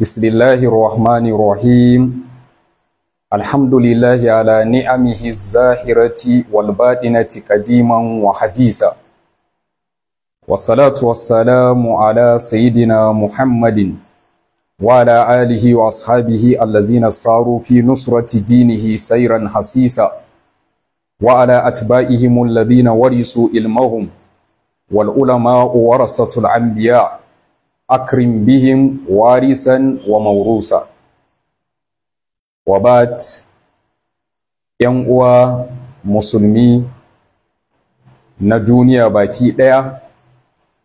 بسم الله الرحمن الرحيم الحمد لله على نعمه الزاهرة والباطنة قديما وحديثا والصلاة والسلام على سيدنا محمد وعلى آله وأصحابه الذين صاروا في نصرة دينه سيرا حسيسا وعلى أتباعهم الذين ورثوا علمهم والعلماء ورثة الأنبياء akrim bihim warisan wa maurusa wabat yan uwa musulmi na duniya baki ɗaya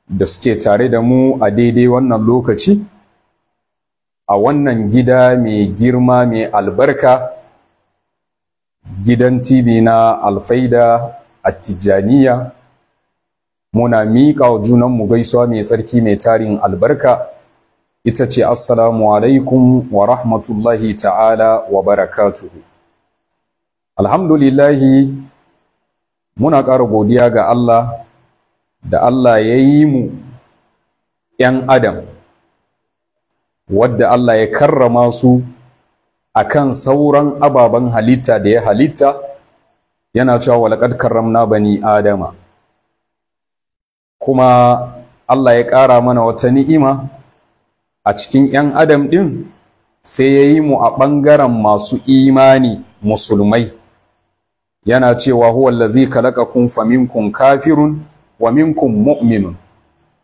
da suke tare da mu a daidai wannan lokaci a wannan gida mai girma mai albarka gidan tv na alfaida a tijjaniya muna miƙa wa junanmu gaisuwa mai tsarki mai tarin albarka ita ce assalamu alaikum wa rahmatullahi ta'ala wa barakatuhu alhamdulillahi muna ƙara godiya ga Allah da Allah ya yi mu ‘yan adam wadda Allah ya karrama su a kan sauran ababen halitta da ya halitta yana cewa walaƙar karramna bani adama kuma Allah ya ƙara mana wata ni'ima a cikin 'yan adam ɗin sai ya yi mu a ɓangaren masu imani musulmai yana cewa huwallazi kun faminkun kafirun wa minkun mu'minun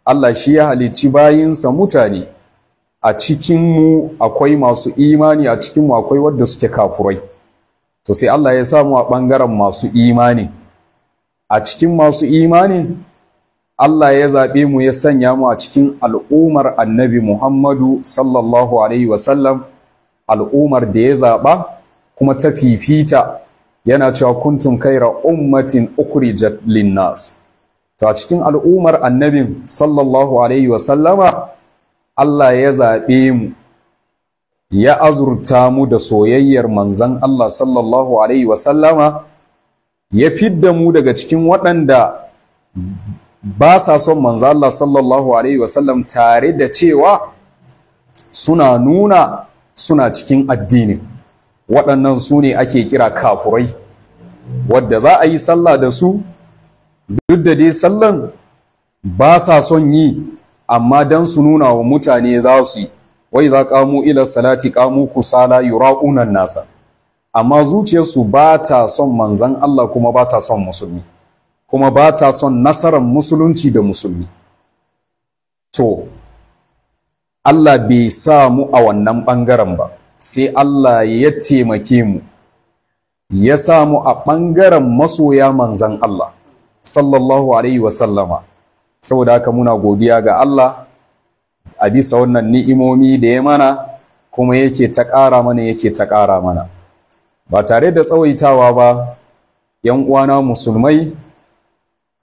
Allah shi ya halicci bayinsa mutane a cikinmu akwai masu imani a cikinmu akwai wadda suke kafurai to sai Allah ya samu a ɓangaren masu imani a cikin masu imanin Allah ya zaɓe mu ya sanya mu a cikin al'umar annabi Muhammadu sallallahu Alaihi wasallam al'umar da ya zaɓa kuma ta fifita yana cewa kuntun kaira ummatin ukhrijat linnas to a cikin al'umar annabin sallallahu Alaihi wasallama Allah ya zaɓe mu ya azurta mu da soyayyar manzan Allah sallallahu Alaihi wasallama ya fidda mu daga cikin waɗanda ba sa son manzo Allah sallallahu alaihi wasallam tare da cewa suna nuna suna cikin addini waɗannan su ne ake kira kafurai wadda za a yi sallah da su duk da dai sallan ba sa son yi amma dan su nuna wa mutane za su yi wai za kamu ila salati kamu kusala yura'unan nasa amma zuciyarsu ba ta son manzan Allah kuma ba ta son musulmi kuma ba ta son nasarar musulunci da musulmi to Allah bai sa mu a wannan ɓangaren ba sai Allah ya taimake mu ya sa mu a ɓangaren masoya manzan Allah sallallahu alaihi wasallama saboda haka muna godiya ga Allah a bisa wannan ni'imomi da ya mana kuma yake ta ƙara mana yake ta ƙara mana ba tare da tsawaitawa ba yan uwana musulmai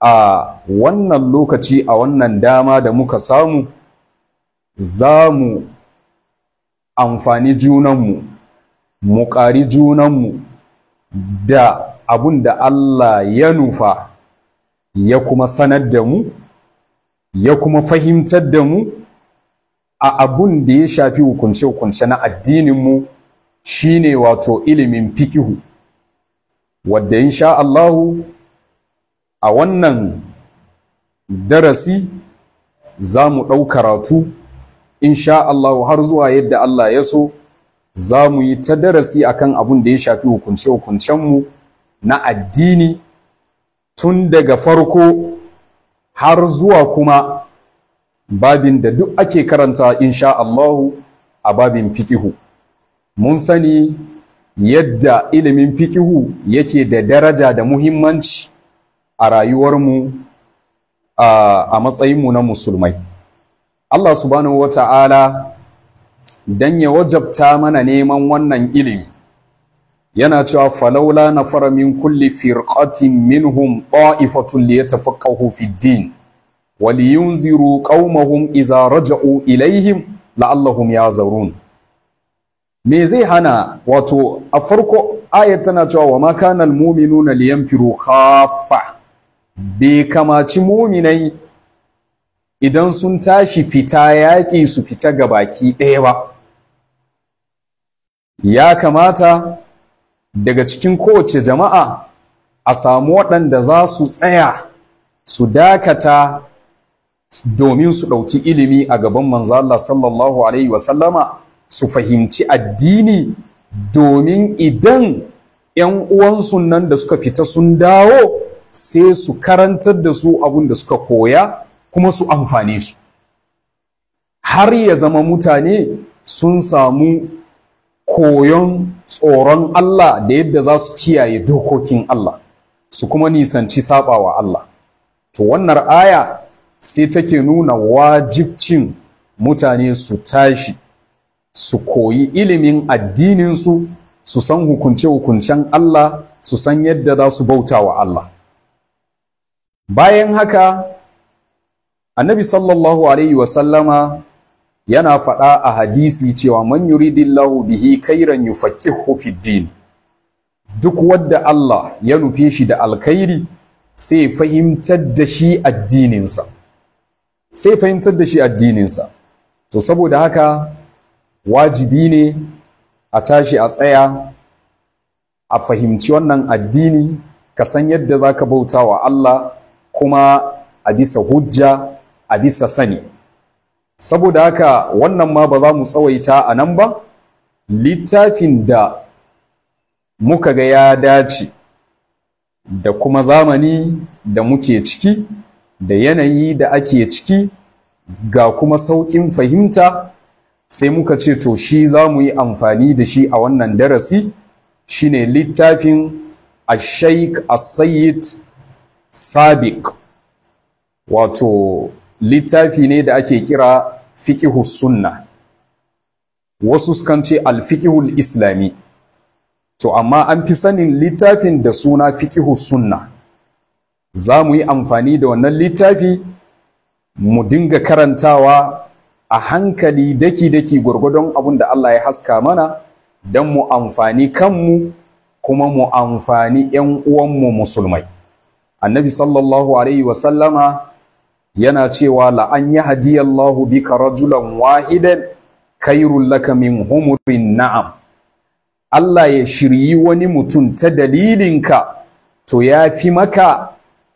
a wannan lokaci a wannan dama da muka samu za mu amfani junanmu mu ƙari junanmu da abun da Allah ya nufa ya kuma sanar da mu ya kuma fahimtar da mu a abun da ya shafi hukunce-hukunce na addininmu shine wato ilimin fikihu wadda insha Allahu a wannan darasi za mu ɗau karatu insha Allah har zuwa yadda Allah ya so za mu yi ta darasi a kan abin da ya shafi hukunce-hukuncenmu na addini tun daga farko har zuwa kuma babin da duk ake karanta insha Allah a babin fikihu mun sani yadda ilimin fikihu yake da daraja da muhimmanci a rayuwarmu a matsayinmu na musulmai Allah subhanahu wa ta'ala don ya wajabta mana neman wannan ilimi yana cewa falaula na fara min kulli firƙatin minhum ta'ifatun li yatafaqahu fi din wa liyunziru qaumahum idza raja'u ilaihim la'allahum yazarun me zai hana wato a farko ayat tana cewa wa ma kana almu'minuna liyanfiru khaffa bai kamaci muminai idan sun tashi fita yaƙi su fita ga baki ɗaya ba ya kamata daga cikin kowace jama'a a samu waɗanda za su tsaya su dakata domin su ɗauki ilimi a gaban Manzala Allah sallallahu alaihi wasallama su fahimci addini domin idan ‘yan uwansu nan da suka fita sun dawo sai su karantar da su abin da suka koya kuma su amfane su har ya zama mutane sun samu koyon tsoron Allah da yadda za su kiyaye dokokin Allah su kuma nisanci sabawa Allah to wannan aya sai take nuna wajibcin mutane su tashi su koyi ilimin addininsu su san hukunce-hukuncen Allah su san yadda za su bauta wa Allah bayan haka annabi sallallahu alaihi wasallama yana faɗa a hadisi cewa man yuridillahu bihi kairan yufaqihu fid din duk wanda Allah ya nufe shi da alkhairi sai fahimtar da shi addininsa sai fahimtar da shi addininsa to saboda haka wajibi ne a tashi a tsaya a fahimci wannan addini ka san yadda zaka bauta wa Allah kuma a bisa hujja a bisa sani saboda haka wannan ma ba za mu tsawaita a nan ba littafin da muka ga ya dace da kuma zamani da muke ciki da yanayi da ake ciki ga kuma sauƙin fahimta sai muka ce to shi za mu yi amfani da shi a wannan darasi shine littafin a Ashaik sayyid sabiq wato littafi ne da ake kira fiƙihu sunna wasu sukan ce alfiqihul islami to amma an fi sanin littafin da suna fiƙihu sunna za mu yi amfani da wannan littafi mu dinga karantawa a hankali daki-daki gwargwadon abin da Allah ya haska mana don mu amfani kanmu kuma mu amfani 'yan uwanmu musulmai. annabi sallallahu alaihi wasallama yana cewa la an yahdiyallahu bika rajulan wahidan kairun laka humurin na'am Allah ya shiryi wani mutum ta dalilinka to ya fi maka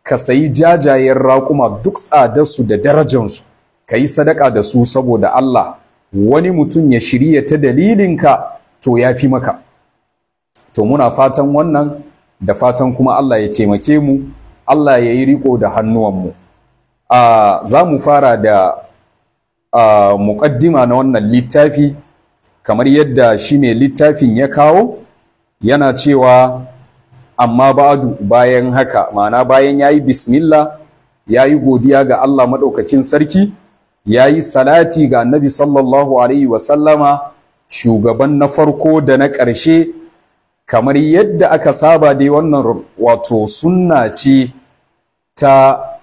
ka sayi jajayen raƙuma duk tsadarsu da darajansu ka yi sadaka da su saboda Allah wani mutum ya shirya ta dalilinka to ya fi maka to muna fatan wannan da fatan kuma Allah ya taimake mu Allah ya yi riko da hannuwanmu za mu fara da muƙaddima na wannan littafi kamar yadda shi mai littafin ya kawo yana cewa amma ba'adu bayan haka ma'ana bayan ya yi bismillah ya yi godiya ga Allah maɗaukacin sarki ya yi salati ga annabi sallallahu alaihi wasallama shugaban na farko da na ƙarshe kamar yadda aka saba dai wannan wato sunna ce ta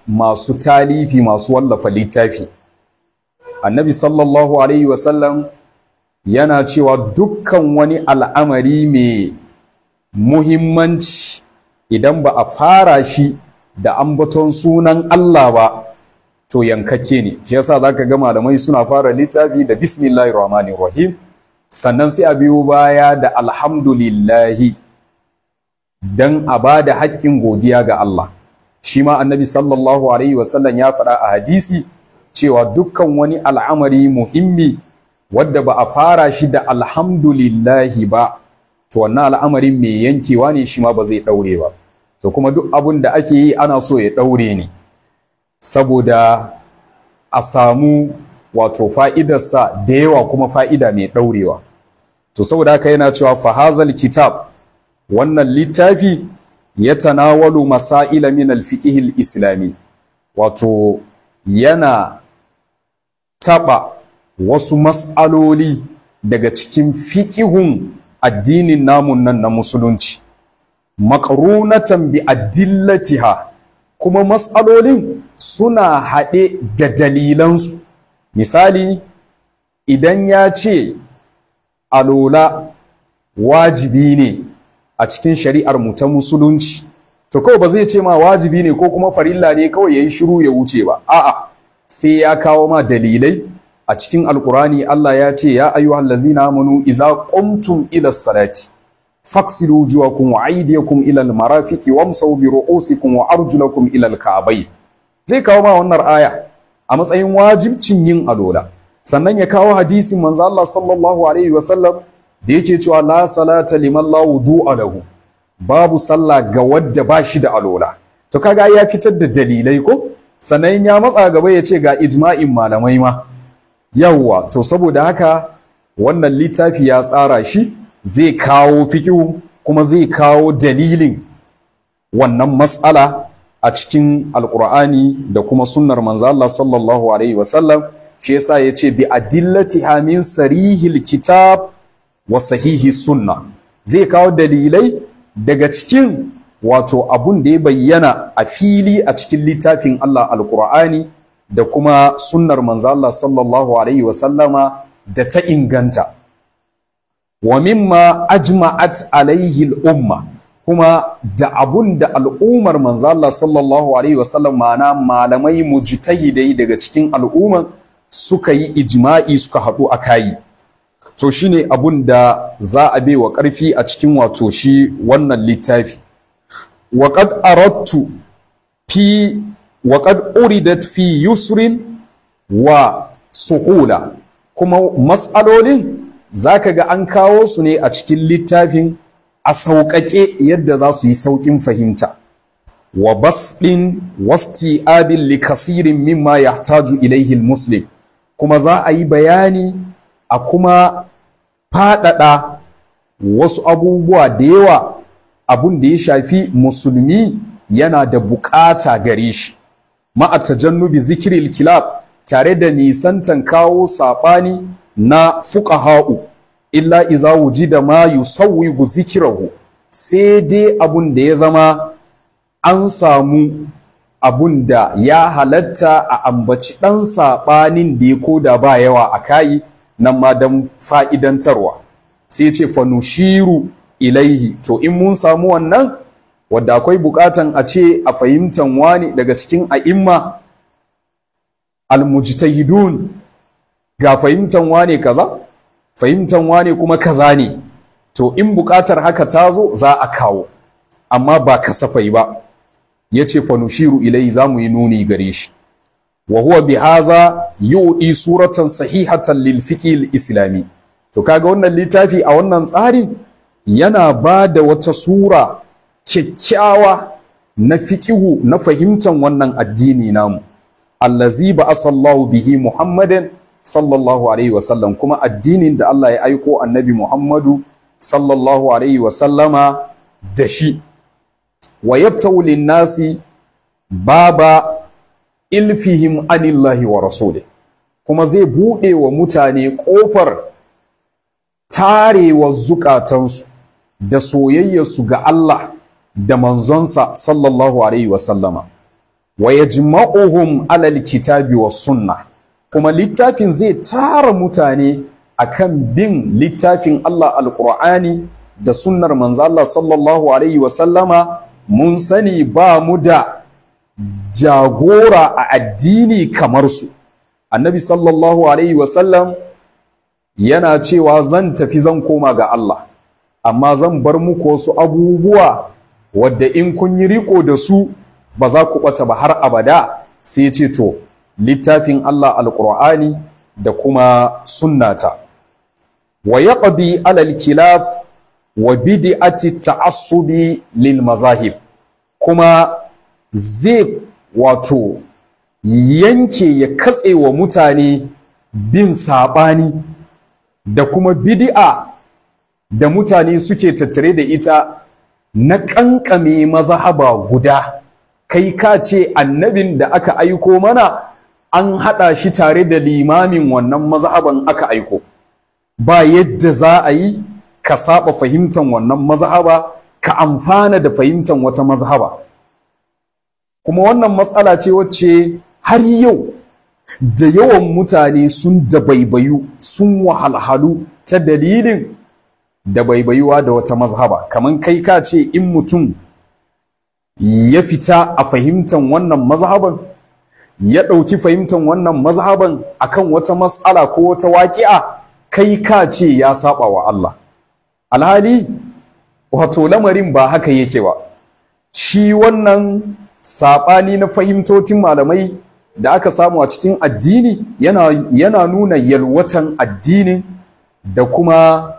masu talifi masu wallafa littafi annabi sallallahu alaihi wasallam yana cewa dukkan wani al'amari mai muhimmanci idan ba a fara shi da ambaton sunan Allah ba to yankake ne shi yasa zaka ga malamai suna fara littafi da bismillahir rahmanir rahim sannan sai a biyo baya da alhamdulillahi dan a ba da haƙƙin godiya ga Allah shi ma annabi sallallahu alaihi wasallam ya faɗa a hadisi cewa dukkan wani al'amari muhimmi wadda ba a fara shi da alhamdulillahi ba to wannan al'amarin mai yankewa ne shi ma ba zai ɗaure ba to kuma duk abun da ake yi ana so ya ɗaure ne saboda a samu wato fa'idarsa da yawa kuma fa'ida mai ɗaurewa to saboda haka yana cewa fahazal kitab wannan littafi ya tanawalu masa min alfikihil islami wato yana taɓa wasu mas'aloli daga cikin fiƙihun addinin namun nan na musulunci makarunatan bi addillatiha kuma matsalolin suna haɗe da dalilansu misali idan ya ce alola wajibi ne a cikin shari'ar mu ta musulunci to kawai ba zai ce ma wajibi ne ko kuma farilla ne kawai yi shiru ya wuce ba a'a sai ya kawo ma dalilai a cikin alkurani Allah ya ce ya ayyuhal ladzina amanu idza qumtum ila salati faksilu wujuhakum wa aydiyakum ila almarafiqi wamsaw bi ru'usikum wa arjulakum ila kabai. zai kawo ma wannan aya a matsayin wajibcin yin alola sannan ya kawo hadisin manzo Allah sallallahu alaihi wasallam da yake cewa la salata liman la wudu'a alahu babu sallah ga wadda ba shi da alola to kaga ya fitar da dalilai ko sannan ya matsa gaba ya ce ga ijma'in malamai ma yawwa to saboda haka wannan littafi ya tsara shi zai kawo fiƙihu kuma zai kawo dalilin wannan matsala a cikin alkur'ani da kuma sunnar manzo Allah sallallahu alaihi wasallam shi yasa ce bi adillati min sarihil kitab wa sahihi sunna zai kawo dalilai daga cikin wato abun da ya bayyana a fili a cikin littafin Allah alkur'ani da kuma sunnar manzo Allah sallallahu alaihi wasallama da ta inganta wa mimma ajma'at alaihi al-umma kuma da abun da al'ummar manzo Allah sallallahu alaihi wasallam ma'ana malamai mujtahidai daga cikin al'ummar suka yi ijma'i suka haɗu a kayi to shine abun da za a baiwa ƙarfi a cikin wato shi wannan littafi wa aradtu fi wa uridat fi yusrin wa suhula kuma mas'alolin zaka ga an kawo su ne a cikin littafin a sauƙaƙe yadda za su yi sauƙin fahimta wa basɗin wasti abin likasirin mimma ya taju ilaihin muslim kuma za a yi bayani a kuma faɗaɗa wasu abubuwa da yawa abun da ya shafi musulmi yana da buƙata gare shi ma'a tajannubi zikiril kilaf tare da nisantan kawo saɓani na fuka hau. illa iza da ma yusawwigu zikirahu sai dai abun da ya zama an samu abun da ya halatta a ambaci ɗan saɓanin da ya koda ba yawa a kayi nan ma don fa'idantarwa sai ce fanushiru ilaihi to in mun samu wannan wadda akwai bukatan a ce a fahimtan wani daga cikin a'imma almujtahidun ga fahimtan wane kaza fahimtan wane kuma kaza ne to in buƙatar haka ta zo za a kawo amma ba kasafai ba ya ce fanushiru ilai za mu yi nuni gare shi wa huwa bi haza yu'i suratan sahihatan lil fiqil islami to kaga wannan littafi a wannan tsarin yana ba da wata sura kyakkyawa na fiqihu na fahimtan wannan addini namu allazi ba asallahu bihi muhammadin sallallahu alaihi wasallam kuma addinin da Allah ya aiko annabi Muhammadu sallallahu alaihi wasallama da shi wa yabtawu baba ilfihim anillahi wa rasuli kuma zai buɗe wa mutane ƙofar tarewa zukatansu da soyayyarsu ga Allah da manzonsa sallallahu alaihi wasallama wa yajma'uhum alal kitabi was sunna. kuma littafin zai tara mutane akan bin littafin Allah Alƙur'ani da sunnar manzo Allah sallallahu alaihi wasallama mun sani ba mu da jagora a addini kamar su annabi sallallahu alaihi wasallam yana cewa zan tafi zan koma ga Allah amma zan bar muku wasu abubuwa wadda in kun yi riko da su ba za ku ɓata ba har abada sai ce to littafin Allah alƙur'ani da kuma sunnata wa yaqdi alal kilaf wa bid'ati ta'assubi lil mazahib kuma zai wato yanke ya katse wa mutane bin saɓani da kuma bidi'a da mutane suke tattare da ita na ƙanƙame mazahaba guda kai ka ce annabin da aka aiko mana an haɗa shi tare da limamin wannan mazhaban aka aiko ba yadda za a yi ka saba fahimtar wannan mazhaba ka amfana da fahimtar wata mazhaba kuma wannan matsala ce wacce har yau da yawan mutane sun dabaibayu sun wahalhalu ta dalilin dabaibayuwa da wata mazhaba kamar kai ka ce in mutum ya fita a fahimtar wannan mazhaban ya ɗauki fahimtar wannan mazhaban akan wata matsala ko wata waƙi'a kai ka ce ya saba wa Allah alhali wato lamarin ba haka yake ba shi wannan saɓani na fahimtocin malamai da aka samu a cikin addini yana, nuna yalwatan addinin da kuma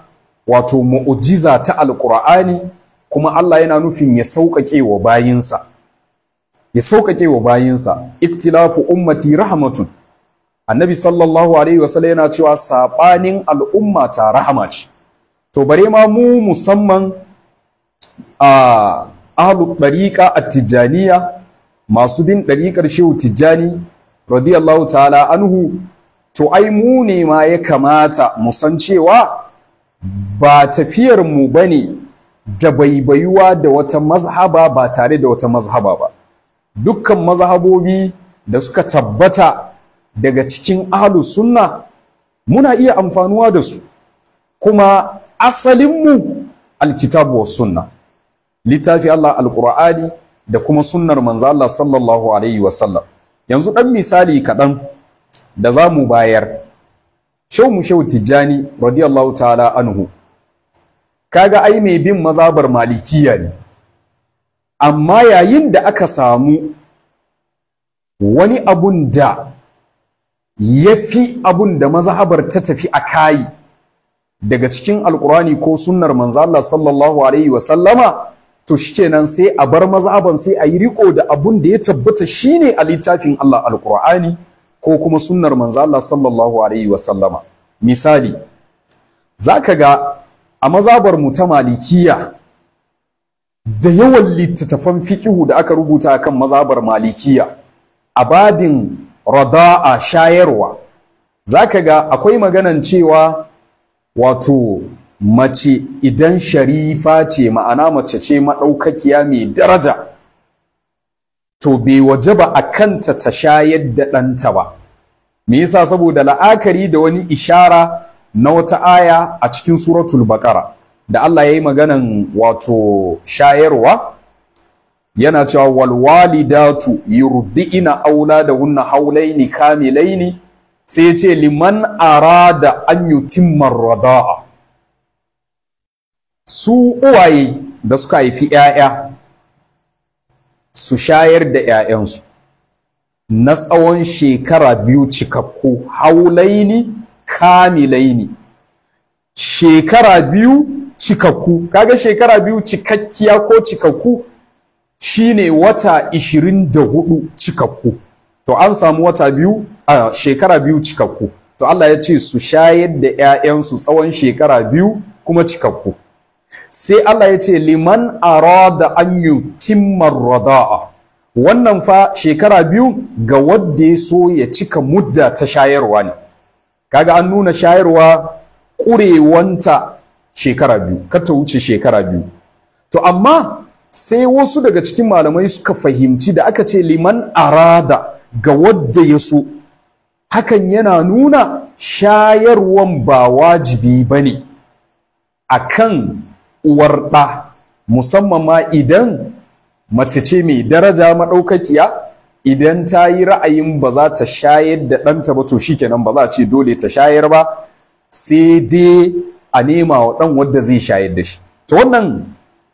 wato mu'ujiza ta alƙur'ani kuma Allah yana nufin ya sauƙaƙe wa bayinsa ya sauƙaƙe wa bayinsa iktilafu ummati rahmatun annabi sallallahu alaihi wasallam yana cewa saɓanin al'umma ta rahama ce to bare ma mu musamman a ahlu ɗariƙa a tijjaniya masu bin ɗariƙar shehu tijjani radiyallahu ta'ala anhu to ai mu ne ma ya kamata mu san cewa ba tafiyar mu bane da baibayuwa da wata mazhaba ba tare da wata mazhaba ba dukkan mazhabobi da suka tabbata daga cikin ahlu sunna muna iya amfanuwa da su kuma asalinmu alkitabu wa sunna littafi Allah alqur'ani da kuma sunnar manzo Allah sallallahu alaihi wasallam yanzu dan misali kaɗan da za mu bayar shau shau tijjani radiyallahu ta'ala anhu kaga ai mai bin mazabar malikiya ne amma yayin da aka samu wani abun da ya fi abun da mazhabar ta tafi a kayi daga cikin alkurani ko sunnar Manzala sallallahu alaihi wa sallama to shikenan sai a bar mazahabar sai a yi riko da abun da ya tabbata shine a littafin Allah alkurani ko kuma sunnar Manzala sallallahu alaihi wa sallama misali ka ga a mazabar mu ta malikiya da yawan littattafan fikihu da aka rubuta akan mazabar malikiya a babin rada'a shayarwa zaka ga akwai maganan cewa wato mace idan sharifa ce ma'ana mace ce maɗaukakiya mai daraja to bai waje ba a kanta ta shayar da ɗanta ba me yasa saboda la'akari da wani ishara na wata aya a cikin suratul baqara da Allah ya yi maganan wato shayarwa yana cewa walwalidatu yurdi'ina wunna haulaini kamilaini sai ya ce liman arada an timmar rada'a su uwaye da suka haifi 'ya'ya su shayar da 'ya'yansu na tsawon shekara biyu cikakku haulaini kamilaini shekara biyu cikakku kaga shekara biyu cikakkiya ko cikakku shine wata 24 cikakku to an samu wata biyu a shekara biyu cikakku to Allah ya ce su shayar da 'ya'yansu tsawon shekara biyu kuma cikakku sai Allah ya ce liman arada an yutimmar rada'a wannan fa shekara biyu ga wadda ya so ya cika mudda ta shayarwa ne kaga an nuna shayarwa ƙurewanta shekara biyu kar ta wuce shekara biyu to amma sai wasu daga cikin malamai suka fahimci da aka ce liman arada ga wadda ya so hakan yana nuna shayarwan ba wajibi ba ne a kan uwar ɗa musamman ma idan mace ce mai daraja maɗaukakiya idan ta yi ra'ayin ba za ta shayar da ɗanta ba to shikenan ba za a ce dole ta shayar ba sai dai a nema wa ɗan wadda zai shayar da shi to wannan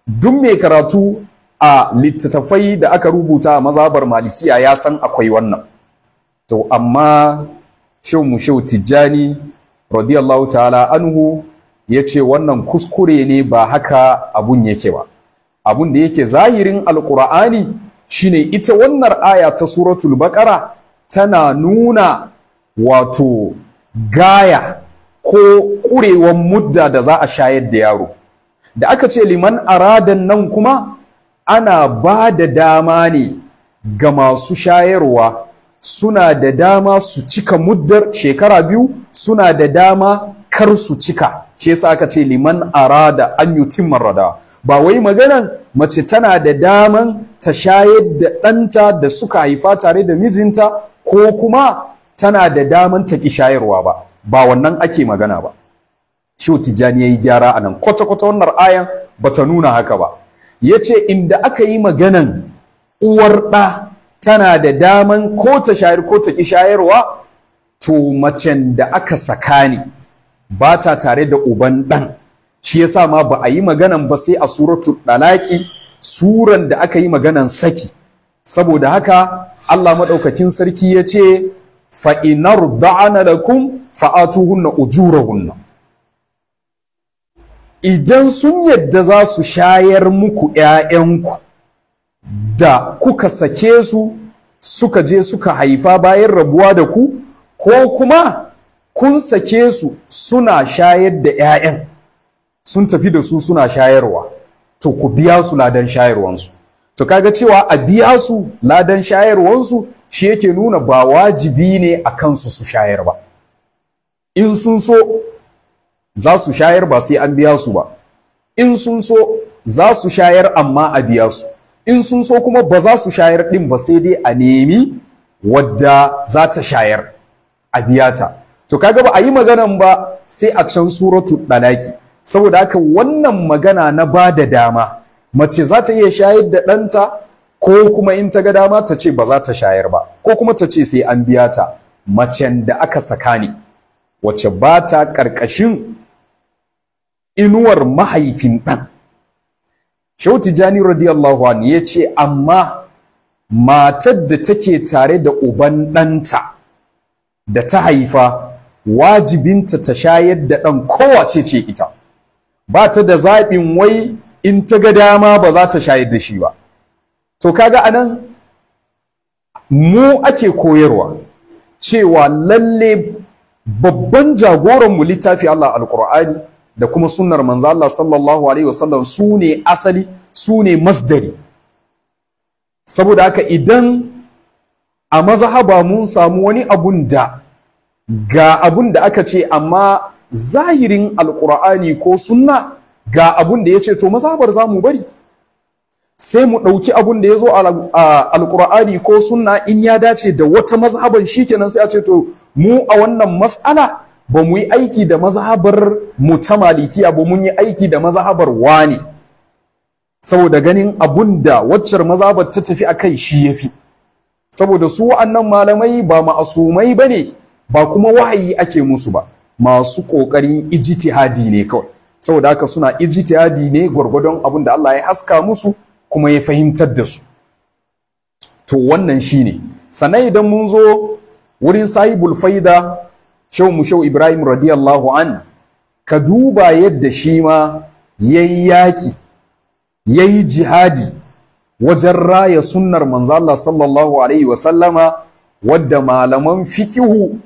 duk mai karatu a littattafai da aka rubuta a mazabar malikiya ya san akwai wannan to amma shan mu tijjani radiyallahu ta'ala anhu ya ce wannan kuskure ne ba haka abun yake ba abun da yake zahirin alkur'ani shine ita wannan aya ta suratul baqara tana nuna wato gaya ko ƙurewan mudda da za a shayar da yaro da aka ce liman aradan nan kuma ana ba da dama ne ga masu shayarwa suna da dama su cika muddar shekara biyu suna da dama kar su cika shi yasa aka ce liman arada an yutimma rada ba wai maganan mace tana da daman ta shayar da ɗanta da suka haifa tare da mijinta ko kuma tana da daman ta ki shayarwa ba ba wannan ake magana ba shi tijjani yayi gyara anan kwata kwata wannan ayan ta nuna haka ba yace inda aka yi maganan uwar ɗa tana da daman ko ta shayar ko ta ki shayarwa to macen da aka saka ne ba ta tare da uban ɗan shi yasa ma ba a yi maganan ba sai a suratu dalaki suran da aka yi maganan saki saboda haka Allah maɗaukakin sarki ya ce fa'inar da'ana lakum fa'atuhunna ujurahunna idan sun yadda za su shayar muku ‘ya'yanku da kuka sake su suka je suka haifa bayan rabuwa da ku ko kuma kun sake su suna shayar da ‘ya'yan sun tafi da su suna shayarwa to ku biya su ladan shayarwansu to kaga cewa a biya su ladan shayarwansu shi yake nuna ba wajibi ne a kansu su shayar ba in sun so za su shayar ba sai an biya su ba in sun so za su shayar amma a biya su in sun so kuma ba za su shayar din ba sai dai a nemi wadda za ta shayar a biya ta to kaga ba a yi maganan ba sai a can suratu dalaki saboda haka wannan magana na ba da dama mace za ta iya shayar da ɗanta ko kuma in ta ga dama ta ce ba za ta shayar ba ko kuma ta ce sai an biya ta macen da aka saka ne wacce ba ta ƙarƙashin inuwar mahaifin ɗan Shauti Jani radiyallahu anhu ya ce amma matar da take tare da uban ɗanta da ta haifa wajibinta ta shayar da ɗan kowace ce ita ba ta da zaɓin wai in ta ga dama ba za ta shayar da shi ba to kaga anan mu ake koyarwa cewa lalle babban jagoran mu littafi Allah Alƙur'ani da kuma sunnar manzo Allah sallallahu alaihi wasallam su ne asali su ne masdari saboda haka idan a mazhaba mun samu wani abun da ga abun da aka ce amma zahirin Alƙur'ani ko sunna ga abun da ya ce to mazhabar mu bari sai mu ɗauki abun da ya zo a alƙur'ani ko sunna in ya dace da wata mazhaban shi kenan sai a ce to mu a wannan mas'ala ba mu yi aiki da mazhabar mu ta malikiya ba mun yi aiki da mazhabar wani saboda ganin abun da waccar mazhabar ta tafi a kai shi ya fi. saboda su wa'annan malamai ba ma'asumai ba ne ba kuma wahayi ake musu ba masu ƙoƙarin ijtihadi ne kawai saboda haka suna ijtihadi ne gwargwadon abun da Allah ya haska musu kuma ya fahimtar da su to wannan shine sannan idan mun zo wurin sahibul faida shehu mu shehu ibrahim radiyallahu an ka duba yadda shi ma yayi yaki yayi jihadi wajen raya sunnar manzo sallallahu alaihi wa sallama wadda malaman fikihu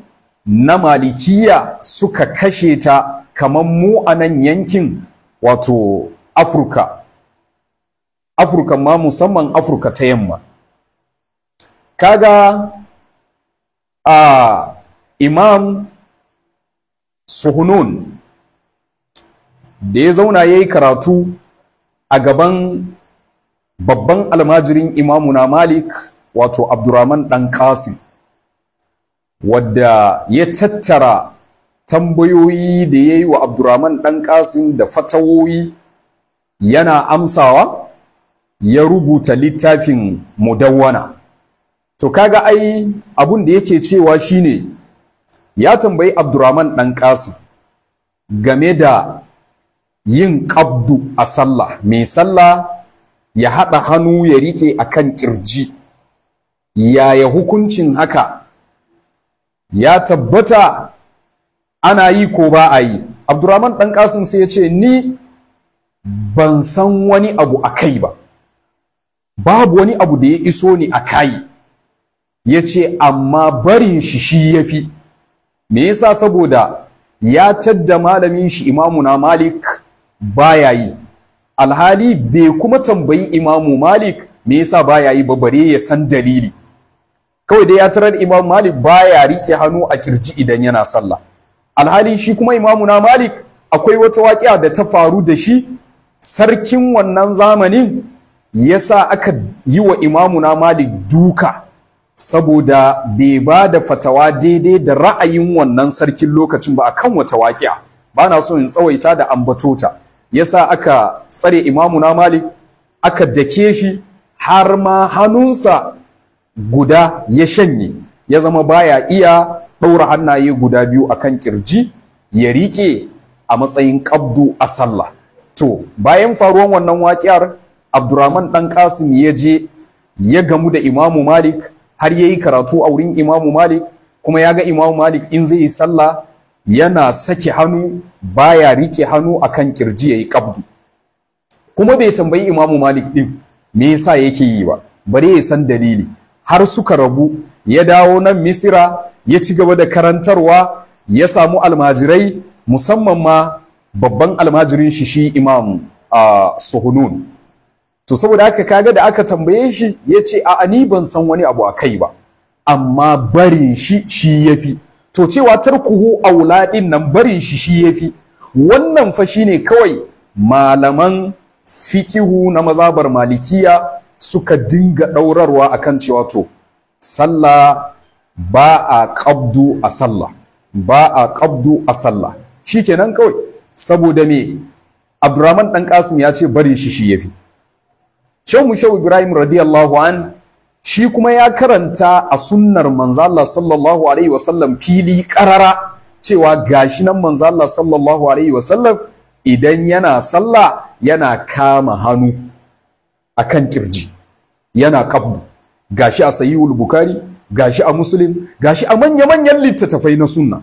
na malikiya suka kashe ta kamar mu a nan yankin wato afirka afirka ma musamman afirka ta yamma kaga a imam suhunun da ya zauna ya yi karatu a gaban babban almajirin imamuna malik wato abdurrahman dan qasim wadda ya tattara tambayoyi da ya yi wa abdurrahman dan ƙasi da fatawoyi yana amsawa ya rubuta littafin mudawwana to kaga ai abun da yake cewa shine ya tambayi Abdurrahman dan game da yin ƙabdu a sallah mai sallah ya haɗa hannu ya rike kan ƙirji. yaya hukuncin haka ya tabbata ana yi ko ba a yi Abdurrahman dan Qasim sai ya ce ni ban san wani abu a kai ba babu wani abu da ya iso ni a kayi ya ce amma barin shi shi ya fi me yasa saboda ya tadda malamin shi imamu na malik baya yi alhali bai kuma tambayi imamu malik me yasa baya yi ba bare ya san dalili kawai dai ya tarar imamu malik baya rike hannu a kirji idan yana sallah alhali shi kuma imamu na malik akwai wata waƙiya da ta faru da shi sarkin wannan zamanin yasa aka yi wa imamuna malik duka saboda bai ba da fatawa daidai da ra'ayin wannan sarkin lokacin ba akan wata waƙiya ba na so in tsawaita da ambatota yasa aka tsare imamuna malik aka dake shi har ma hannunsa guda ya shanye ya zama baya iya ɗaura hannaye guda biyu akan ƙirji. ya riƙe a matsayin ƙabdu a sallah to bayan faruwan wannan waƙiyar Abdurrahman dan Qasim ya je ya gamu da Imamu Malik har yayi karatu a wurin Imamu Malik kuma ya ga Imamu Malik in zai yi sallah yana sake hannu baya rike hannu akan kirji yayi qabdu kuma bai tambayi Imamu Malik din me yasa yake yi ba bare ya san dalili har suka rabu ya dawo nan Misira ya ci gaba da karantarwa ya samu almajirai musamman ma babban almajirin shi shi Imam ah, Suhunun to saboda haka kaga da aka tambaye shi ya ce a ani ban san wani abu a kai ba amma barin shi shi ya fi to cewa tarkuhu aula din nan barin shi shi ya fi wannan fa shi ne kawai malaman fikihu na mazabar malikiya suka dinga ɗaurarwa a kan cewa to sallah ba a ƙabdu a sallah ba a ƙabdu a sallah Shi kenan kawai saboda me abdurrahman ɗan kasim ya ce barin shi shi ya fi shehu shehu ibrahim radiyallahu an shi kuma ya karanta a sunnar manzo Allah sallallahu alaihi wasallam fili karara cewa gashi nan manzo Allah sallallahu alaihi wasallam idan yana sallah yana kama hannu akan kirji yana kabbu gashi a sahihul bukhari gashi a muslim gashi a manya manyan littattafai na sunna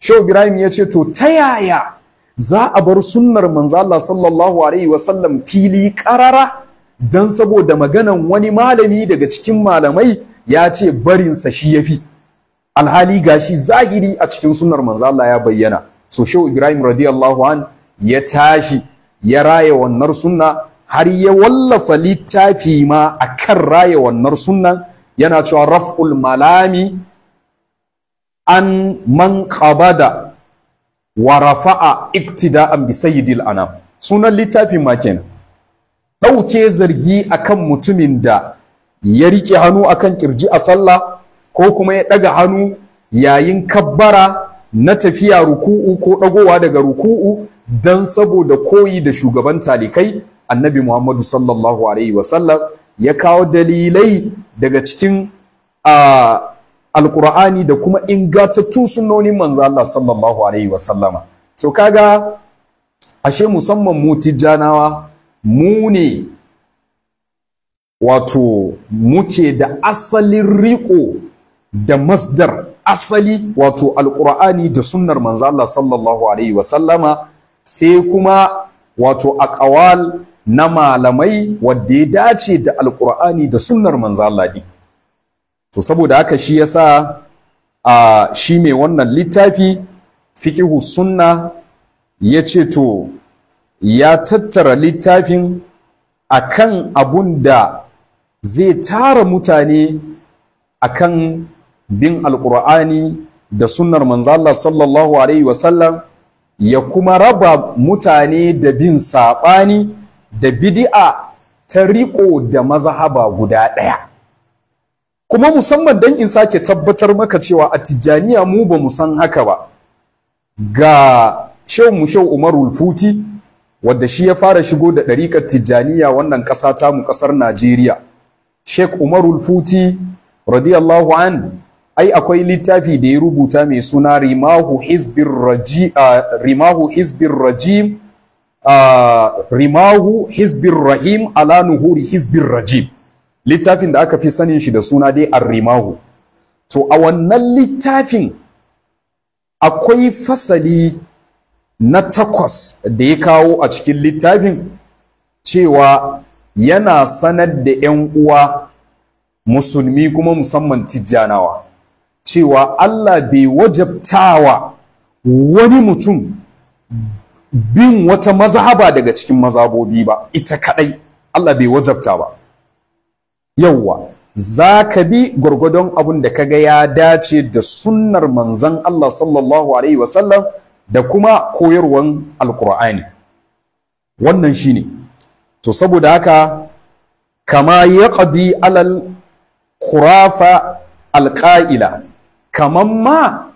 shehu ibrahim ya ce to ta yaya za a bar sunnar manzo Allah sallallahu alaihi wasallam fili karara dan saboda maganan wani malami daga cikin malamai ya ce barinsa shi ya fi. alhali gashi zahiri a cikin sunnar manzo Allah ya bayyana so shehu Ibrahim radiyallahu an ya tashi ya raya wannan sunna har ya wallafa littafi ma akan raya wannan sunnan yana cewa raf'ul malami an man qabada wa rafa'a ibtida'an bi sayyidil anam sunan littafin ma kenan ɗauke zargi akan mutumin da ya riƙe hannu akan kirji a sallah ko kuma ya ɗaga hannu yayin kabbara na tafiya ruku'u ko ɗagowa daga ruku'u don saboda koyi da shugaban talikai annabi muhammadu sallallahu alaihi wasallam ya kawo dalilai daga cikin alkur'ani da kuma ingantattun sunnonin manzo Allah sallallahu alaihi wasallama so kaga ashe musamman mu tijjanawa mu ne wato muke da asalin riko da masdar asali wato alƙur'ani da sunnar manzo Allah sallallahu alaihi wa sallama sai kuma wato aqwal na malamai wanda ya dace da alƙur'ani da sunnar manzo Allah din to saboda haka shi yasa a shi mai wannan littafi fiqhu sunna yace to ya tattara littafin a kan abun da zai tara mutane a kan bin alkur'ani da sunnar manzala sallallahu alaihi wasallam ya kuma raba mutane da bin saɓani da bidi'a ta riƙo da mazahaba guda ɗaya kuma musamman don in sake tabbatar maka cewa a tijjaniya mu ba san haka ba ga shehu mu shehu umaru futi wadda shi ya fara shigo da ɗariƙar tijjaniya wannan ƙasa ta mu ƙasar Najeriya Sheikh Umarul Futi radiyallahu an ai akwai littafi da ya rubuta mai suna Rimahu Hizbir Raji Rimahu Rajim Rimahu Hizbir Rahim ala nuhuri Hizbir Rajim littafin da aka fi sanin shi da suna dai Ar-Rimahu to a wannan littafin akwai fasali na takwas da ya kawo a cikin littafin cewa yana sanar da 'yan uwa musulmi kuma musamman tijjanawa cewa Allah bai wajabtawa wani mutum bin wata mazhaba daga cikin mazabobi ba ita kadai Allah bai wajabta ba yauwa za ka bi gwargwadon abin da ka ga ya dace da sunnar manzon Allah sallallahu alaihi wasallam da kuma koyarwan alkur'ani wannan shine to saboda haka kama ƙadi alal ƙurafa alƙaila. kaman ma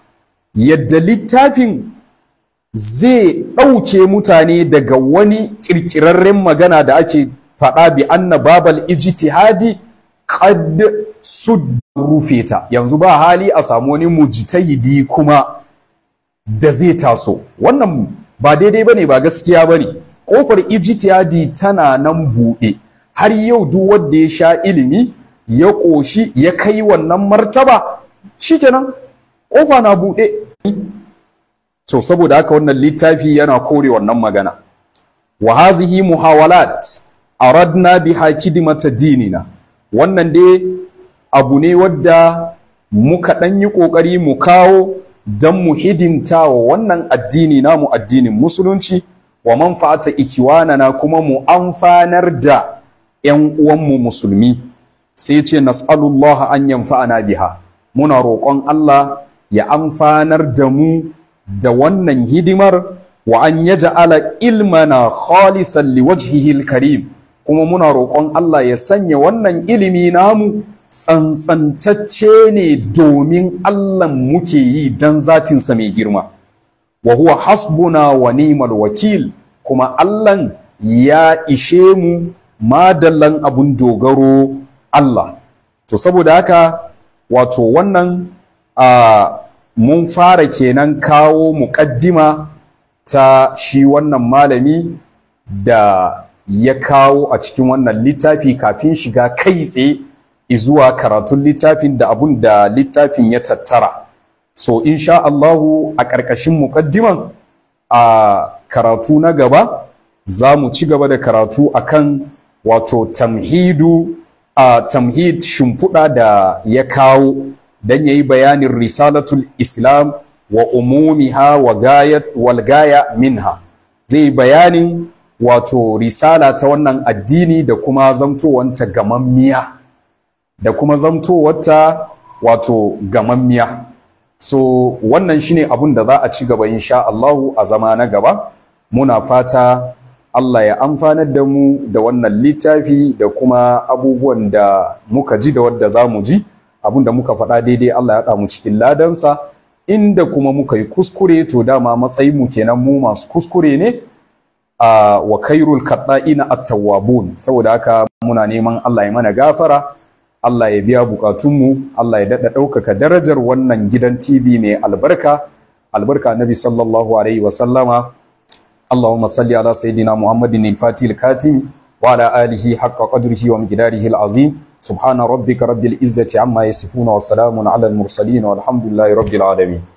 yadda littafin zai ɗauke mutane daga wani ƙirƙirarren magana da ake faɗa bi anna babal ijtihadi qad sud rufeta yanzu ba hali a samu wani mujtahidi kuma da zai taso wannan ba daidai ne ba gaskiya ba ne. kofar ijtihadi tana nan buɗe har yau duk wanda ya sha ilimi ya ƙoshi ya kai wannan martaba shikenan kofa na buɗe to saboda haka wannan littafi yana kore wannan magana wa hazihi muhawalat aradna biha kidimata dinina wannan dai abu ne wadda muka ɗan yi ƙoƙari mu kawo don mu hidinta wa wannan addini namu addinin musulunci wa manfa'ata ikiwanana kuma mu amfanar da 'yan uwanmu musulmi sai ce nas'alullah an yanfa'ana biha muna roƙon Allah ya amfanar da mu da wannan hidimar wa an yaj'ala ilmana khalisan liwajhihi karim. kuma muna roƙon Allah ya sanya wannan ilimi namu tsantsantacce ne domin Allah muke yi don zatinsa mai girma wa huwa hasbuna wa ni'mal wakil kuma Allah ya ishe mu madallan abun dogaro Allah to saboda haka wato wannan a mun fara kenan kawo muƙaddima ta shi wannan malami da ya kawo a cikin wannan littafi kafin shiga kai tsaye izuwa karatun littafin da abun da littafin ya tattara so insha Allahu a ƙarƙashin muƙaddiman a karatu na gaba za mu ci gaba da karatu a kan wato tamhidu a tamhid shimfiɗa da ya kawo don ya yi bayanin risalatul islam wa umumiha wa gayat wal gaya minha zai bayanin wato risala ta wannan addini da kuma zamtowanta gamammiya da kuma zamtowarta wato gamammiya so wannan shine abun da za a ci gaba insha Allahu a zama na gaba muna fata Allah ya amfanar da mu da wannan littafi da kuma abubuwan da muka ji da wadda za mu ji abun da muka faɗa daidai Allah ya haɗa mu cikin ladansa inda kuma muka yi kuskure to dama matsayin mu kenan mu masu kuskure ne a wa khairul ina at saboda haka muna neman Allah ya mana gafara Allah ya biya bukatunmu Allah ya daɗa ɗaukaka darajar wannan gidan TV mai albarka albarka nabi sallallahu alaihi wa sallama Allahumma salli ala sayyidina Muhammadin al-Fatih al-Katim wa ala alihi haqqa qadrihi wa miqdarihi al-azim subhana rabbika rabbil izzati amma yasifuna wa salamun ala al-mursalin walhamdulillahi rabbil alamin